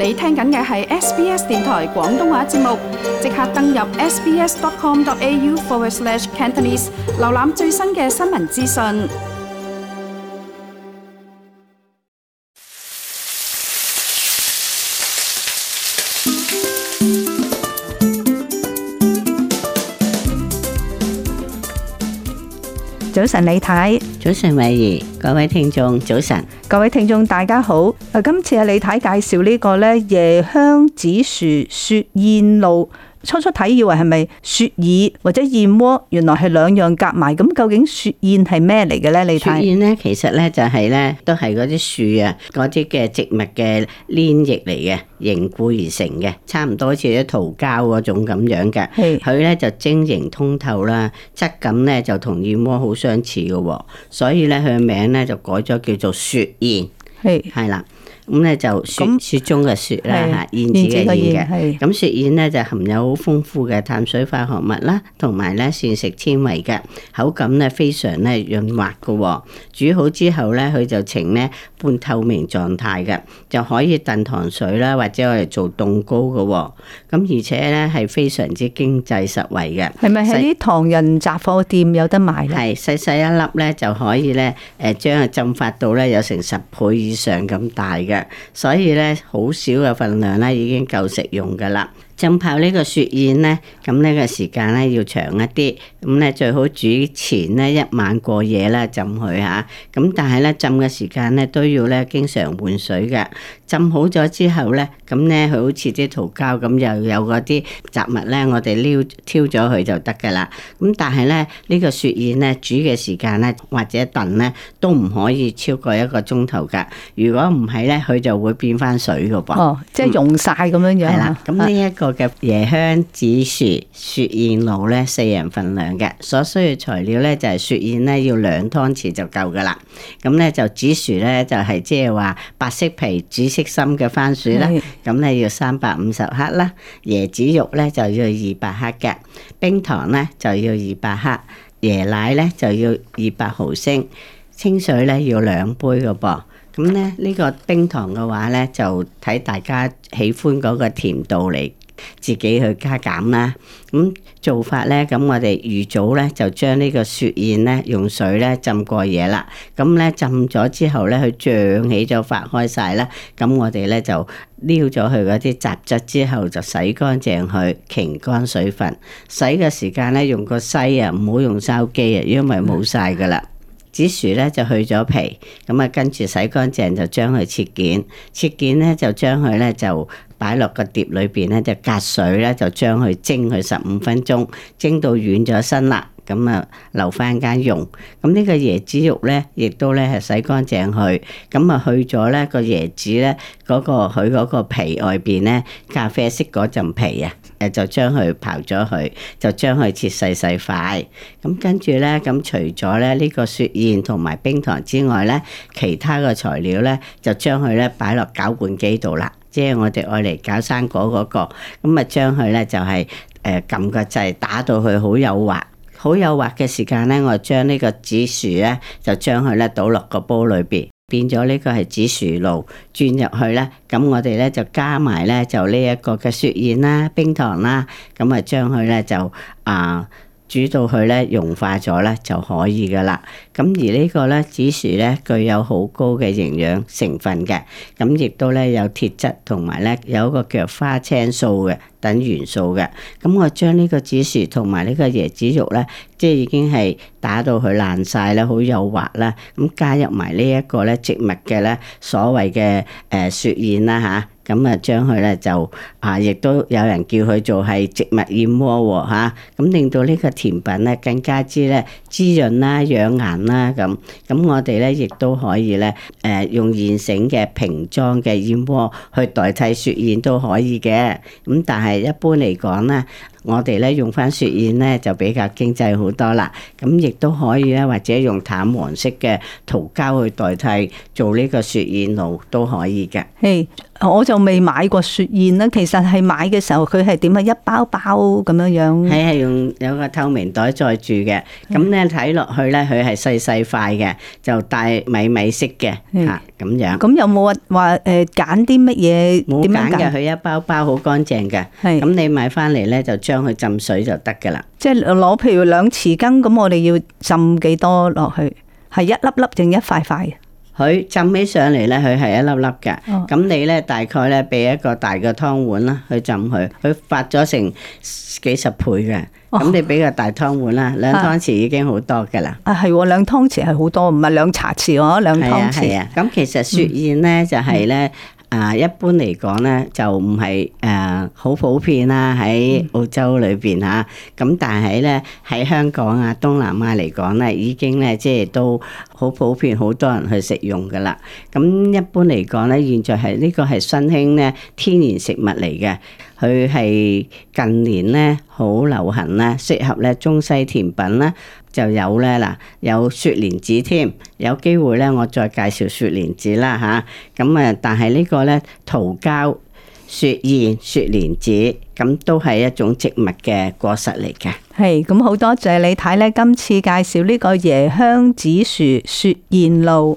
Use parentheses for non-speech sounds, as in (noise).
你聽緊嘅係 SBS 電台廣東話節目，即刻登入 sbs.com.au/cantonese，瀏覽最新嘅新聞資訊。早晨，你睇。早晨，美儀，各位聽眾，早晨，各位聽眾，大家好。今次係李太介紹呢個咧，椰香紫薯雪燕露。初初睇以為係咪雪耳或者燕窩，原來係兩樣夾埋。咁究竟雪燕係咩嚟嘅咧？你睇雪燕咧，其實咧就係、是、咧都係嗰啲樹啊，嗰啲嘅植物嘅黏液，嚟嘅，凝固而成嘅，差唔多好似啲桃膠嗰種咁樣嘅。係佢咧就晶瑩通透啦，質感咧就同燕窩好相似嘅，所以咧佢嘅名咧就改咗叫做雪燕。係係啦。咁咧就雪雪中嘅雪啦嚇，燕子嘅燕嘅，咁雪燕咧就含有好豐富嘅碳水化合物啦，同埋咧膳食纖維嘅口感咧非常咧潤滑嘅，煮好之後咧佢就呈咧半透明狀態嘅，就可以燉糖水啦，或者我哋做凍糕嘅，咁而且咧係非常之經濟實惠嘅。係咪喺啲唐人雜貨店有得賣咧？係細細一粒咧就可以咧誒將佢浸發到咧有成十倍以上咁大嘅。所以咧，好少嘅份量咧，已經夠食用㗎喇。浸泡呢個雪燕咧，咁呢個時間咧要長一啲，咁咧最好煮前咧一晚過夜啦，浸佢吓。咁、啊、但係咧浸嘅時間咧都要咧經常換水嘅。浸好咗之後咧，咁咧佢好似啲桃膠咁，又有嗰啲雜物咧，我哋撩挑咗佢就得噶啦。咁但係咧呢、呢個雪燕咧煮嘅時間咧或者燉咧都唔可以超過一個鐘頭㗎。如果唔係咧，佢就會變翻水㗎噃。哦，嗯、即係溶晒咁樣樣。係啦，咁呢一個。啊啊嘅椰香紫薯雪燕露咧，四人份量嘅，所需要材料咧就係雪燕咧要兩湯匙就夠噶啦。咁咧就紫薯咧就係即係話白色皮紫色心嘅番薯啦。咁咧要三百五十克啦，椰子肉咧就要二百克嘅，冰糖咧就要二百克，椰奶咧就要二百毫升，清水咧要兩杯嘅噃。咁咧呢個冰糖嘅話咧就睇大家喜歡嗰個甜度嚟。自己去加減啦，咁、嗯、做法咧，咁我哋預早咧就將呢個雪燕咧用水咧浸過夜啦，咁咧浸咗之後咧佢脹起咗發開晒啦，咁我哋咧就撩咗佢嗰啲雜質之後就洗乾淨佢，乾乾水分，洗嘅時間咧用個篩啊，唔好用筲箕啊，因為冇晒噶啦。紫薯咧就去咗皮，咁啊跟住洗乾淨就將佢切件，切件咧就將佢咧就擺落個碟裏邊咧就隔水咧就將佢蒸佢十五分鐘，蒸到軟咗身啦，咁啊留翻間用。咁呢個椰子肉咧，亦都咧係洗乾淨去，咁啊去咗咧個椰子咧、那、嗰個佢嗰個皮外邊咧咖啡色嗰陣皮啊。誒就將佢刨咗佢，就將佢切細細塊。咁跟住咧，咁除咗咧呢個雪燕同埋冰糖之外咧，其他個材料咧就將佢咧擺落攪拌機度啦。即係我哋愛嚟搞生果嗰個咁啊，將佢咧就係誒撳個掣打到佢好幼滑，好幼滑嘅時間咧，我將呢個紫薯咧就將佢咧倒落個煲裏邊。變咗呢個係紫薯露轉入去啦，咁我哋咧就加埋咧就呢一個嘅雪燕啦、冰糖啦，咁啊將佢咧就啊。呃煮到佢咧融化咗咧就可以噶啦。咁而呢個咧紫薯咧具有好高嘅營養成分嘅，咁亦都咧有鐵質同埋咧有一個叫花青素嘅等元素嘅。咁我將呢個紫薯同埋呢個椰子肉咧，即係已經係打到佢爛晒，咧，好幼滑啦。咁加入埋呢一個咧植物嘅咧所謂嘅誒雪燕啦嚇。啊咁啊， (music) 將佢咧就啊，亦都有人叫佢做係植物燕窩喎、哦、嚇，咁令到呢個甜品咧更加之咧滋潤啦、啊、養顏啦咁。咁我哋咧亦都可以咧誒用現成嘅瓶裝嘅燕窩去代替雪燕都可以嘅。咁但係一般嚟講咧，我哋咧用翻雪燕咧就比較經濟好多啦，咁亦都可以咧，或者用淡黃色嘅桃膠去代替做呢個雪燕露都可以嘅。嘿，hey, 我就未買過雪燕啦，其實係買嘅時候佢係點啊？一包包咁樣樣，係係用有個透明袋載住嘅，咁咧睇落去咧佢係細細塊嘅，就帶米米色嘅嚇咁樣。咁有冇話誒揀啲乜嘢？冇揀嘅，佢一包包好乾淨嘅。係咁 Hey. 你買翻嚟咧就。將佢浸水就得噶啦，即係攞譬如兩匙羹，咁我哋要浸幾多落去？係一粒粒定一塊塊？佢浸起上嚟咧，佢係一粒粒嘅。咁、哦、你咧大概咧俾一個大嘅湯碗啦去浸佢，佢發咗成幾十倍嘅。咁、哦、你俾個大湯碗啦，兩湯匙已經好多噶啦。啊，係兩湯匙係好多，唔係兩茶匙哦，兩湯匙。係啊，係啊。咁其實雪燕咧就係咧。啊，一般嚟講咧，就唔係誒好普遍啦，喺澳洲裏邊嚇。咁但係咧，喺香港啊、東南亞嚟講咧，已經咧即係都好普遍，好多人去食用㗎啦。咁一般嚟講咧，現在係呢個係新興咧天然食物嚟嘅。佢係近年咧好流行咧，適合咧中西甜品咧就有咧嗱，有雪蓮子添，有機會咧我再介紹雪蓮子啦嚇。咁啊，但係呢個咧桃膠、雪燕、雪蓮子咁都係一種植物嘅果實嚟嘅。係，咁好多謝你睇咧今次介紹呢個椰香紫薯雪燕露。